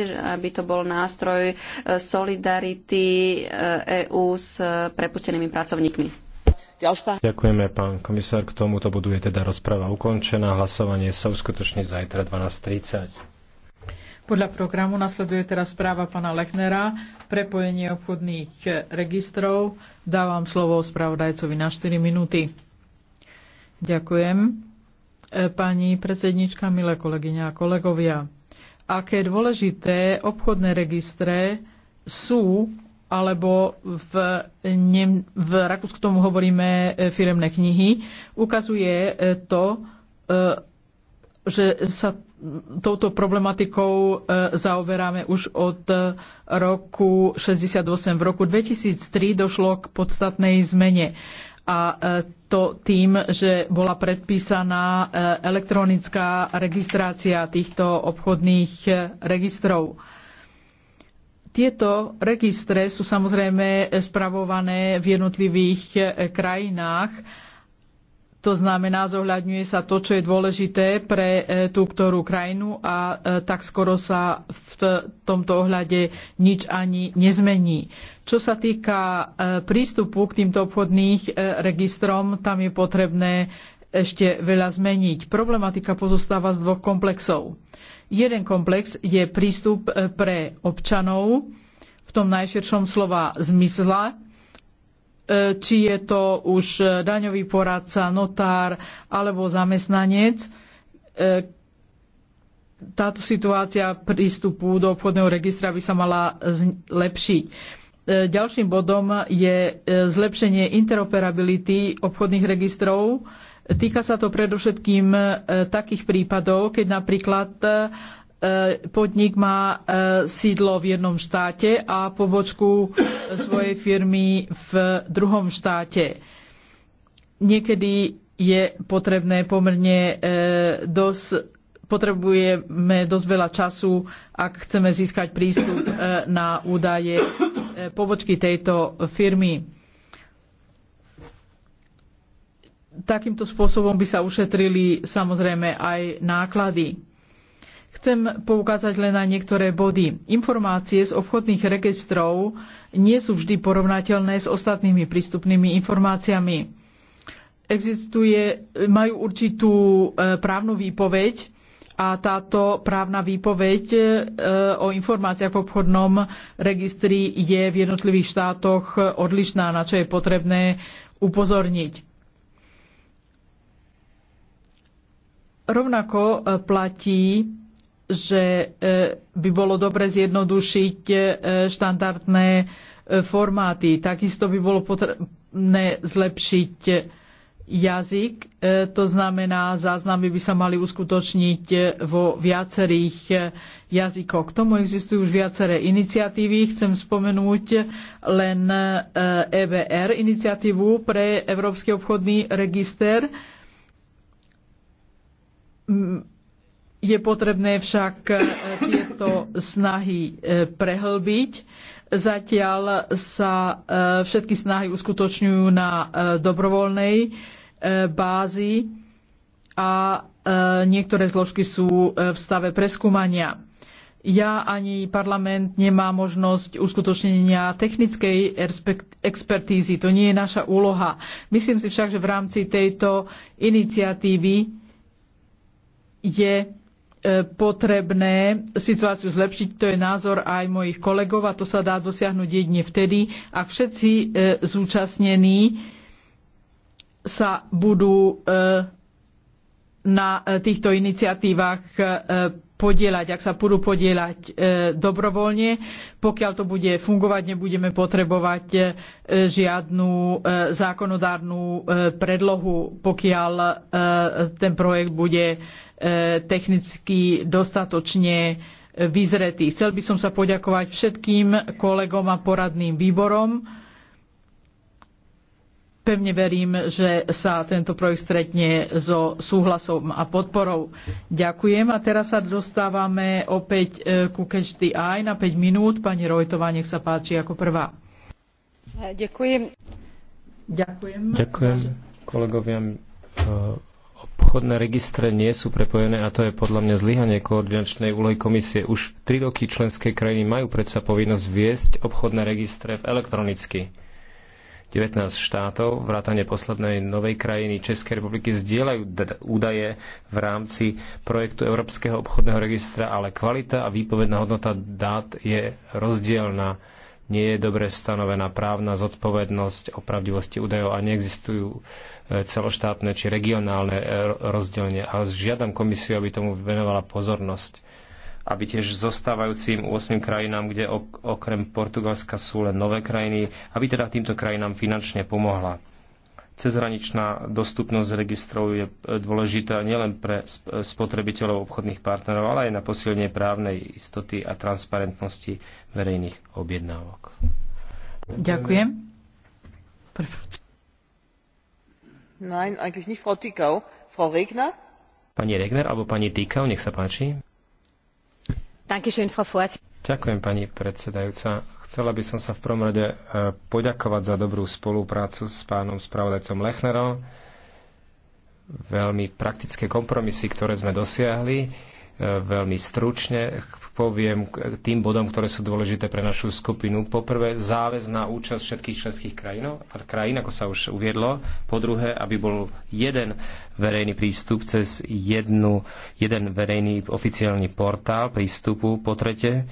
aby to bol nástroj e, solidarity EÚ e s e, prepustenými pracovníkmi. Ďakujeme, pán komisár. K tomuto bodu je teda rozprava ukončená. Hlasovanie sa uskutoční zajtra 12.30. Podľa programu nasleduje teraz správa pána Lechnera, prepojenie obchodných registrov. Dávam slovo spravodajcovi na 4 minúty. Ďakujem. Pani predsednička, milé kolegyňa a kolegovia aké dôležité obchodné registre sú, alebo v, ne, v Rakúsku tomu hovoríme e, firemné knihy, ukazuje e, to, e, že sa touto problematikou zaoberáme už od roku 68. V roku 2003 došlo k podstatnej zmene a e, to tým, že bola predpísaná e, elektronická registrácia týchto obchodných e, registrov. Tieto registre sú samozrejme spravované v jednotlivých krajinách to znamená, zohľadňuje sa to, čo je dôležité pre e, tú ktorú krajinu a e, tak skoro sa v tomto ohľade nič ani nezmení. Čo sa týka e, prístupu k týmto obchodných registrom, tam je potrebné ešte veľa zmeniť. Problematika pozostáva z dvoch komplexov. Jeden komplex je prístup pre občanov v tom najširšom slova zmysle, E, či je to už e, daňový poradca, notár alebo zamestnanec. E, táto situácia prístupu do obchodného registra by sa mala zlepšiť. Ďalším bodom je zlepšenie interoperability obchodných registrov. Týka sa to predovšetkým takých prípadov, keď napríklad E, podnik má e, sídlo v jednom štáte a pobočku e, svojej firmy v druhom štáte. Niekedy je potrebné pomerne dosť potrebujeme dosť veľa času, ak chceme získať prístup na údaje pobočky tejto firmy. Takýmto spôsobom by sa ušetrili samozrejme aj náklady. Chcem poukázať len na niektoré body. Informácie z obchodných registrov nie sú vždy porovnateľné s ostatnými prístupnými informáciami. Existuje, majú určitú e, právnu výpoveď a táto právna výpoveď e, o informáciách v obchodnom registri je v jednotlivých štátoch odlišná, na čo je potrebné upozorniť. Rovnako e, platí že e, by bolo dobre zjednodušiť e, štandardné e, formáty. Takisto by bolo potrebné zlepšiť jazyk, to znamená, záznamy by sa mali uskutočniť vo viacerých jazykoch. K tomu existujú už viaceré iniciatívy. Chcem spomenúť len EBR, iniciatívu pre Európsky obchodný register je potrebné však e, tieto snahy e, prehlbiť. Zatiaľ sa e, všetky snahy uskutočňujú na dobrovoľnej bázi a niektoré zložky sú v stave preskúmania. Ja ani parlament nemá možnosť uskutočnenia technickej expertízy. To nie je naša úloha. Myslím si však, že v rámci tejto iniciatívy je E, potrebné situáciu zlepšiť. To je názor aj mojich kolegov a to sa dá dosiahnuť jedine vtedy, ak všetci e, zúčastnení sa budú e, na týchto iniciatívach podielať, ak sa budú podieľať e, dobrovoľne. Pokiaľ to bude fungovať, nebudeme potrebovať e, žiadnu e, zákonodárnu predlohu, pokiaľ ten projekt bude technicky dostatočne vyzretý. Chcel by som sa poďakovať všetkým kolegom a poradným výborom, Pevne verím, že sa tento projekt stretne so súhlasom a podporou. Ďakujem a teraz sa dostávame opäť e, ku Catch the Eye na 5 minút. Pani Rojtová, nech sa páči ako prvá. Ďakujem. Ďakujem. Ďakujem kolegovia. E, obchodné registre nie sú prepojené a to je podľa mňa zlyhanie koordinačnej úlohy komisie. Už tri roky členské krajiny majú predsa povinnosť viesť obchodné registre v elektronicky 19 štátov, vrátane poslednej novej krajiny Českej republiky, zdieľajú údaje v rámci projektu Európskeho obchodného registra, ale kvalita a výpovedná hodnota dát je rozdielna. Nie je dobre stanovená právna zodpovednosť o pravdivosti údajov a neexistujú e, celoštátne či regionálne e, rozdelenie. A žiadam komisiu, aby tomu venovala pozornosť aby tiež zostávajúcim 8 krajinám, kde okrem Portugalska sú len nové krajiny, aby teda týmto krajinám finančne pomohla. Cezhraničná dostupnosť registrov je e, dôležitá nielen pre e, spotrebiteľov obchodných partnerov, ale aj na posilnenie právnej istoty a transparentnosti verejných objednávok. Ďakujem. Nein, eigentlich nicht Frau Tikau. Frau Regner? Pani Regner alebo pani Tikau, nech sa páči. Ďakujem, pani predsedajúca. Chcela by som sa v prvom rade e, poďakovať za dobrú spoluprácu s pánom spravodajcom Lechnerom. Veľmi praktické kompromisy, ktoré sme dosiahli veľmi stručne poviem k tým bodom, ktoré sú dôležité pre našu skupinu. Poprvé, záväzná účasť všetkých členských krajín, krajín, ako sa už uviedlo. Po druhé, aby bol jeden verejný prístup cez jednu, jeden verejný oficiálny portál prístupu. Po tretie,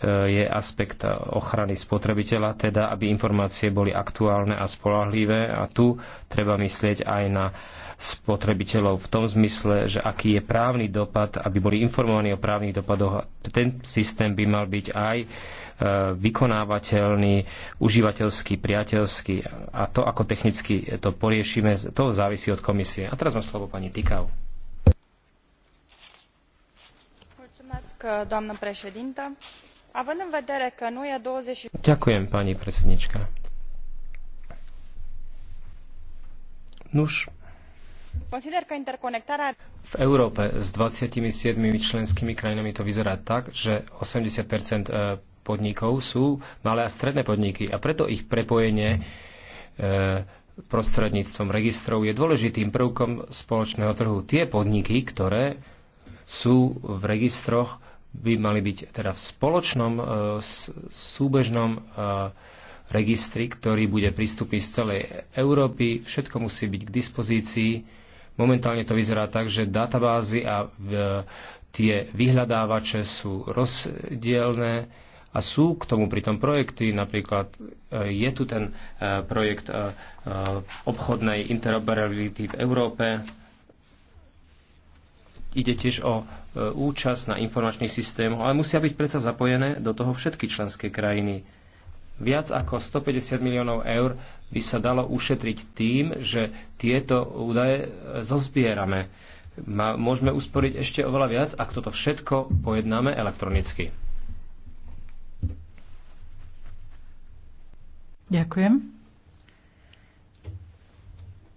E, je aspekt ochrany spotrebiteľa, teda aby informácie boli aktuálne a spolahlivé a tu treba myslieť aj na spotrebiteľov v tom zmysle, že aký je právny dopad, aby boli informovaní o právnych dopadoch. Ten systém by mal byť aj e, vykonávateľný, užívateľský, priateľský a to, ako technicky to poriešime, to závisí od komisie. A teraz má slovo pani Tikau. Mulțumesc, doamnă președintă. E Ďakujem, pani predsednička. Nuž, v Európe s 27 členskými krajinami to vyzerá tak, že 80 e, podnikov sú malé a stredné podniky a preto ich prepojenie e, prostredníctvom registrov je dôležitým prvkom spoločného trhu. Tie podniky, ktoré sú v registroch, by mali byť teda v spoločnom e, súbežnom e, registri, ktorý bude prístupný z celej Európy. Všetko musí byť k dispozícii. Momentálne to vyzerá tak, že databázy a tie vyhľadávače sú rozdielne a sú k tomu pritom projekty. Napríklad e, je tu ten projekt obchodnej interoperability v Európe, Ide tiež o e, účasť na informačných systémoch, ale musia byť predsa zapojené do toho všetky členské krajiny. Viac ako 150 miliónov eur by sa dalo ušetriť tým, že tieto údaje e, zozbierame. Môžeme usporiť ešte oveľa viac, ak toto všetko pojednáme elektronicky. Ďakujem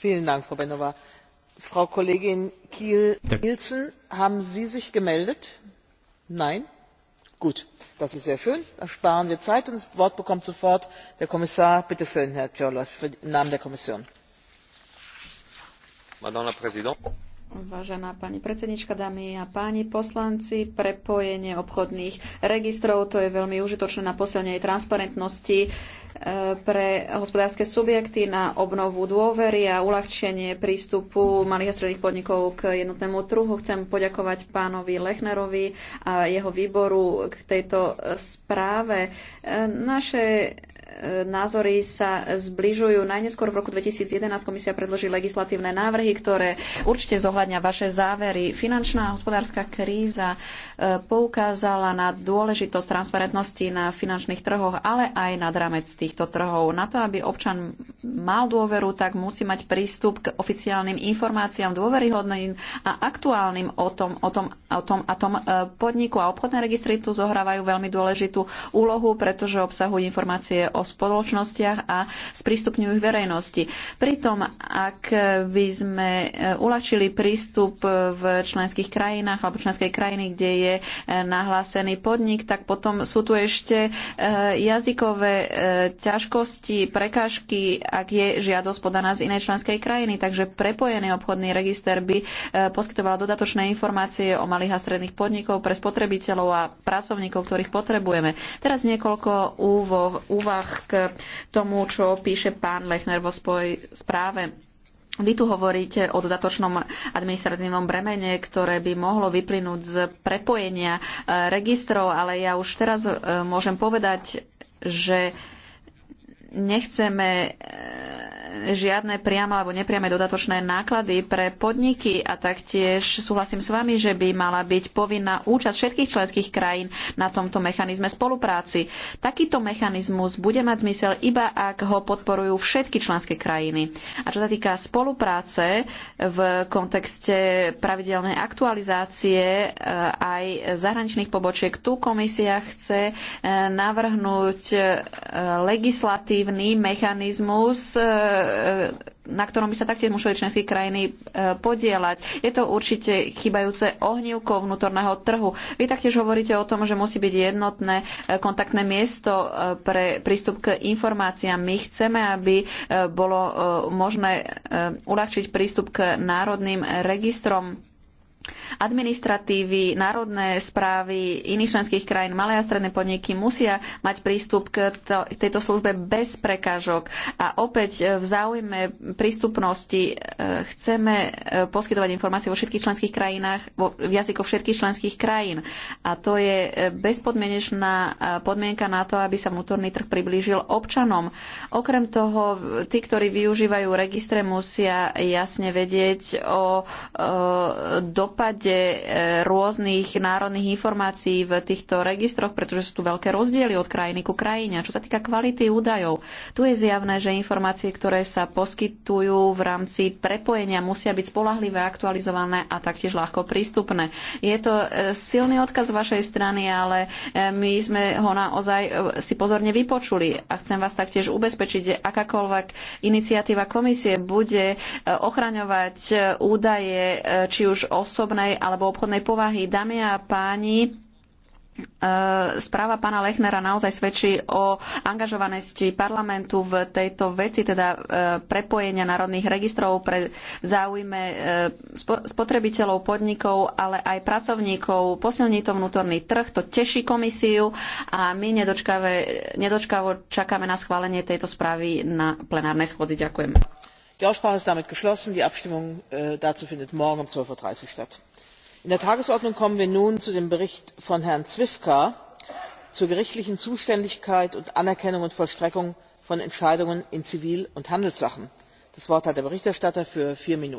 frau beov. frau kollegin kiil nielsen haben sie sich gemeldet? nein? gut das ist sehr schön dann sparen wir zeit und das wort bekommt sofort der kommissar. bitte schön herr ciolo im namen der kommission. Vážená pani predsednička, dámy a páni poslanci, prepojenie obchodných registrov, to je veľmi užitočné na posilnenie transparentnosti pre hospodárske subjekty na obnovu dôvery a uľahčenie prístupu malých a stredných podnikov k jednotnému trhu. Chcem poďakovať pánovi Lechnerovi a jeho výboru k tejto správe. Naše názory sa zbližujú. Najneskôr v roku 2011 komisia predloží legislatívne návrhy, ktoré určite zohľadňa vaše závery. Finančná a hospodárska kríza e, poukázala na dôležitosť transparentnosti na finančných trhoch, ale aj nad ramec týchto trhov. Na to, aby občan mal dôveru, tak musí mať prístup k oficiálnym informáciám dôveryhodným a aktuálnym o tom, o tom, o tom a tom e, podniku. A obchodné registry tu zohrávajú veľmi dôležitú úlohu, pretože obsahujú informácie o o spoločnostiach a sprístupňujú ich verejnosti. Pritom, ak by sme e, uľačili prístup v členských krajinách alebo členskej krajiny, kde je e, nahlásený podnik, tak potom sú tu ešte e, jazykové ťažkosti, prekážky, ak je žiadosť podaná z inej členskej krajiny. Takže prepojený obchodný register by poskytoval dodatočné informácie o malých a stredných podnikov pre spotrebiteľov a pracovníkov, ktorých potrebujeme. Teraz niekoľko úvah vzťah k tomu, čo píše pán Lechner vo svojej správe. Vy tu hovoríte o dodatočnom administratívnom bremene, ktoré by mohlo vyplynúť z prepojenia eh, registrov, ale ja už teraz eh, môžem povedať, že nechceme eh, žiadne priame alebo nepriame dodatočné náklady pre podniky a taktiež súhlasím s vami, že by mala byť povinná účasť všetkých členských krajín na tomto mechanizme spolupráci. Takýto mechanizmus bude mať zmysel iba ak ho podporujú všetky členské krajiny. A čo sa týka spolupráce v kontexte pravidelnej aktualizácie e, aj zahraničných pobočiek, tu komisia chce e, navrhnúť e, legislatívny mechanizmus E, na ktorom by sa taktiež museli členské krajiny e, podielať. Je to určite chybajúce ohnívko vnútorného trhu. Vy taktiež hovoríte o tom, že musí byť jednotné e, kontaktné miesto pre prístup k informáciám. My chceme, aby bolo možné uľahčiť prístup k národným registrom administratívy, národné správy iných členských krajín, malé a stredné podniky musia mať prístup k tejto službe bez prekážok. A opäť e, v záujme prístupnosti e, chceme e, poskytovať informácie vo všetkých členských krajinách, v jazykoch všetkých členských krajín. A to je bezpodmienečná podmienka na to, aby sa vnútorný trh priblížil občanom. Okrem toho, tí, ktorí využívajú registre, musia jasne vedieť o, o dopade e, rôznych národných informácií v týchto registroch, pretože sú tu veľké rozdiely od krajiny ku krajine. Čo sa týka kvality údajov, tu je zjavné, že informácie, ktoré sa poskytujú v rámci prepojenia, musia byť spolahlivé, aktualizované a taktiež ľahko prístupné. Je to e, silný odkaz z vašej strany, ale e, my sme ho naozaj si pozorne vypočuli a chcem vás taktiež ubezpečiť, že akákoľvek iniciatíva komisie bude ochraňovať údaje či už osob, osobnej alebo obchodnej povahy. Dámy a páni, e, správa pána Lechnera naozaj svedčí o angažovanosti parlamentu v tejto veci, teda e, prepojenia národných registrov pre záujme e, spotrebiteľov, podnikov, ale aj pracovníkov. Posilní to vnútorný trh, to teší komisiu a my nedočkavo čakáme na schválenie tejto správy na plenárnej schôdzi. Ďakujem die aussprache ist damit geschlossen. die abstimmung äh, dazu findet morgen um. zwölf dreißig uhr statt. in der tagesordnung kommen wir nun zu dem bericht von herrn zwiefka zur gerichtlichen zuständigkeit und anerkennung und vollstreckung von entscheidungen in zivil und handelssachen. das wort hat der berichterstatter für vier minuten.